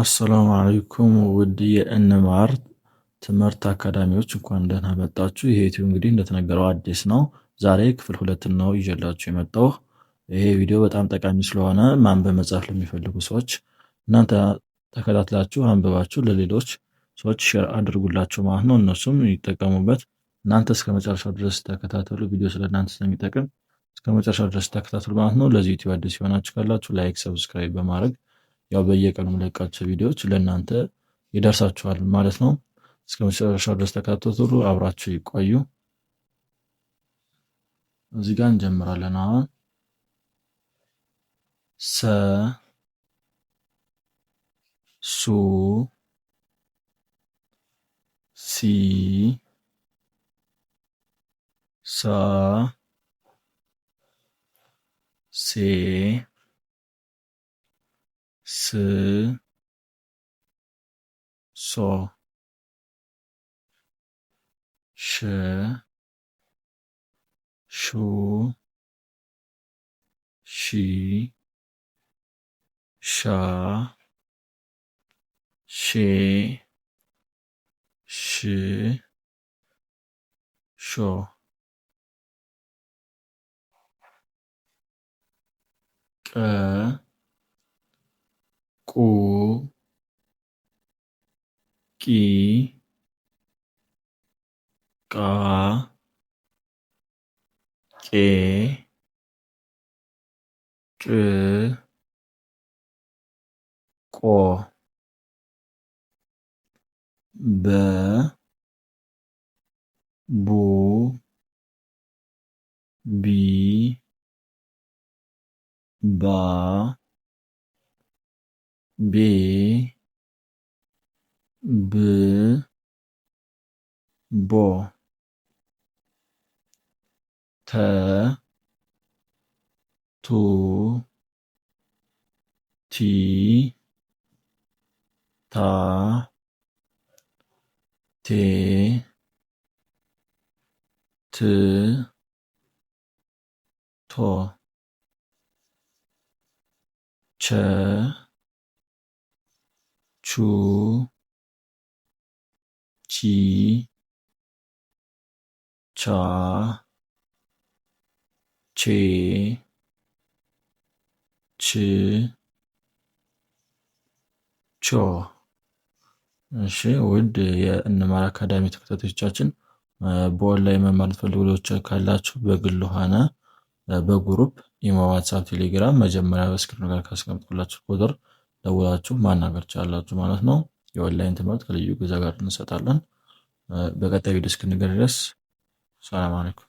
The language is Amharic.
አሰላሙ አለይኩም ውድ የእንማር ትምህርት አካዳሚዎች እንኳን ደህና መጣችሁ። ይሄ ዩቲዩብ እንግዲህ እንደተነገረው አዲስ ነው። ዛሬ ክፍል ሁለት ነው ይዤላችሁ የመጣው። ይሄ ቪዲዮ በጣም ጠቃሚ ስለሆነ ማንበብ መጻፍ ለሚፈልጉ ሰዎች እናንተ ተከታትላችሁ አንብባችሁ ለሌሎች ሰዎች ሼር አድርጉላቸው ማለት ነው፣ እነሱም ይጠቀሙበት። እናንተ እስከ መጨረሻ ድረስ ተከታተሉ። ቪዲዮ ስለ እናንተ ስለሚጠቅም እስከ መጨረሻ ድረስ ተከታተሉ ማለት ነው። ለዚህ ዩቲዩብ አዲስ የሆናችሁ ካላችሁ ላይክ፣ ሰብስክራይብ በማድረግ ያው በየቀኑ የምለቃቸው ቪዲዮዎች ለእናንተ ይደርሳችኋል ማለት ነው። እስከ መጨረሻው ድረስ ተከታተሉ፣ አብራችሁ ይቆዩ። እዚህ ጋር እንጀምራለን። አሁን ሰ ሱ ሲ ሳ ሴ 十、十、十、十、十、十、十、十、十、十。ቁ ቂ ቃ ቄ ጭ ቆ በ ቡ ቢ ባ ቤ ብ ቦ ተ ቱ ቲ ታ ቴ ት ቶ ቸ ቹ ቺ እሺ ውድ የእንማር አካዳሚ ተከታታዮቻችን በኦንላይን መማር የምትፈልጉ ካላችሁ በግል ሆነ በግሩፕ ኢሞ፣ ዋትሳፕ፣ ቴሌግራም መጀመሪያ በስክሪኑ ጋር ካስቀምጥኩላችሁ ቁጥር ደውላችሁ ማናገር ቻላችሁ ማለት ነው። የኦንላይን ትምህርት ከልዩ ግዛ ጋር እንሰጣለን። በቀጣዩ ቪዲዮ እስክንገናኝ ድረስ ሰላም አለይኩም።